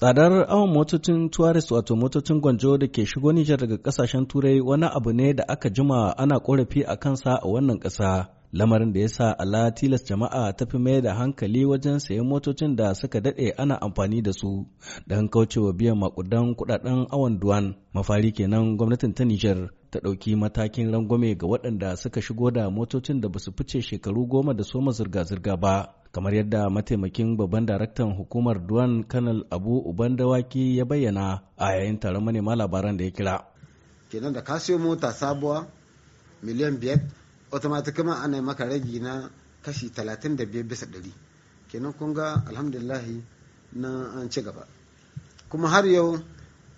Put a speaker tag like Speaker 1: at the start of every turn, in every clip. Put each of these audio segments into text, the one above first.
Speaker 1: Tsadar awon motocin tourist wato motocin gwanjo da ke shigo Nijar daga kasashen Turai wani abu ne da aka jima ana korafi a kansa a wannan ƙasa. Lamarin da ya sa ala tilas jama'a ta fi mai da hankali wajen sayan motocin da suka daɗe ana amfani da su don kaucewa biyan makudan kudaden awon duwan mafari kenan gwamnatin ta Nijar ta ɗauki matakin rangwame ga waɗanda suka shigo da motocin da basu fice shekaru goma da soma zirga-zirga ba kamar yadda mataimakin babban daraktan hukumar duwan kanal abu uban dawaki ya bayyana a yayin taron manema labaran da ya kira
Speaker 2: kenan da ka siyo mota sabuwa miliyan biyar automatically ana maka ragi na kashi biyar bisa ɗari kenan kun ga alhamdulillahi na an ci gaba kuma har yau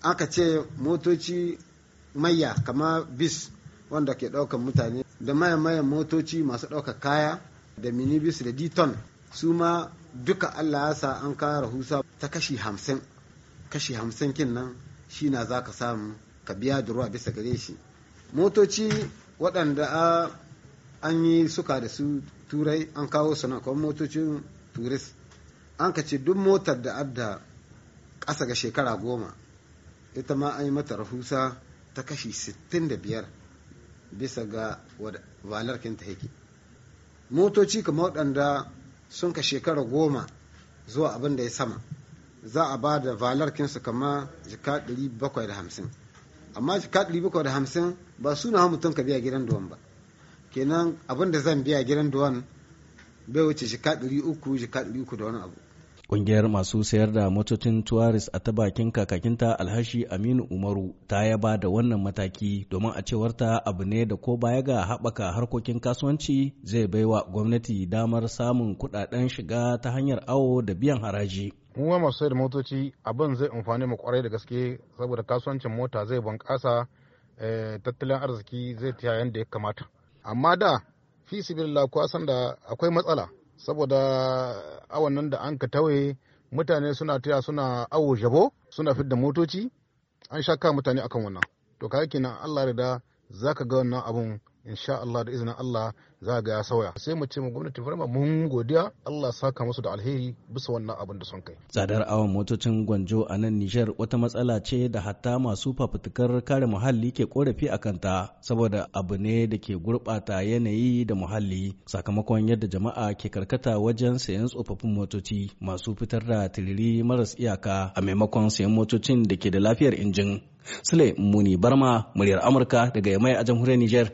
Speaker 2: aka ce motoci maya kama bis wanda ke ɗaukan mutane da maya maya motoci masu ɗaukar kaya da minibis da diton su ma duka allah ya sa an kawo rahusa ta kashi hamsin kashi hamsin kin nan shi na za ka samu ka biya durwa bisa gare shi motoci waɗanda an yi suka da su turai an kawo su na kawo motocin turis an ka ce duk motar da adda ƙasa ga shekara goma ita ma an yi mata rahusa ta kashi 65 bisa ga valar kinta yake motoci kamar waɗanda sun ka shekara goma zuwa abin da ya sama za a ba da valar kinsu kama jika 750 amma jika 750 ba suna hau mutum ka biya gidan duwan ba kenan abin da zan biya gidan duwan bai wuce jika 300 jika 300 da wani abu
Speaker 1: Ƙungiyar masu sayar da motocin Tuwaris a ta bakin kakakinta Alhashi Aminu Umaru ta yaba da wannan mataki domin a cewar ta abu ne da ko baya ga haɓaka harkokin kasuwanci zai baiwa gwamnati damar samun kuɗaɗen shiga ta hanyar awo da biyan haraji.
Speaker 3: Mu ma masu sayar da motoci abin zai amfani mu kwarai da gaske saboda kasuwancin mota zai bunƙasa eh, tattalin arziki zai ta yanda ya kamata. Amma da fi sibilla ko da akwai matsala saboda awan nan da an ka tawaye mutane suna taya suna awo jabo suna fidda motoci an sha mutane akan wannan to kaga kenan Allah da za ka ga wannan abun insha Allah da izinin Allah za ga ya sauya sai mu ce mu gwamnati farma mun godiya Allah saka musu da alheri bisa wannan abin da sun kai
Speaker 1: tsadar awon motocin gwanjo a nan Nijar wata matsala ce da hatta masu fafutukar kare muhalli ke korafi a kanta saboda abu ne da ke gurbata yanayi da muhalli sakamakon yadda jama'a ke karkata wajen sayan tsofaffin motoci masu fitar da tiriri maras iyaka a maimakon sayan motocin da ke da lafiyar injin Sule Muni Barma, muryar Amurka daga Yamai a jamhuriyar Nijar.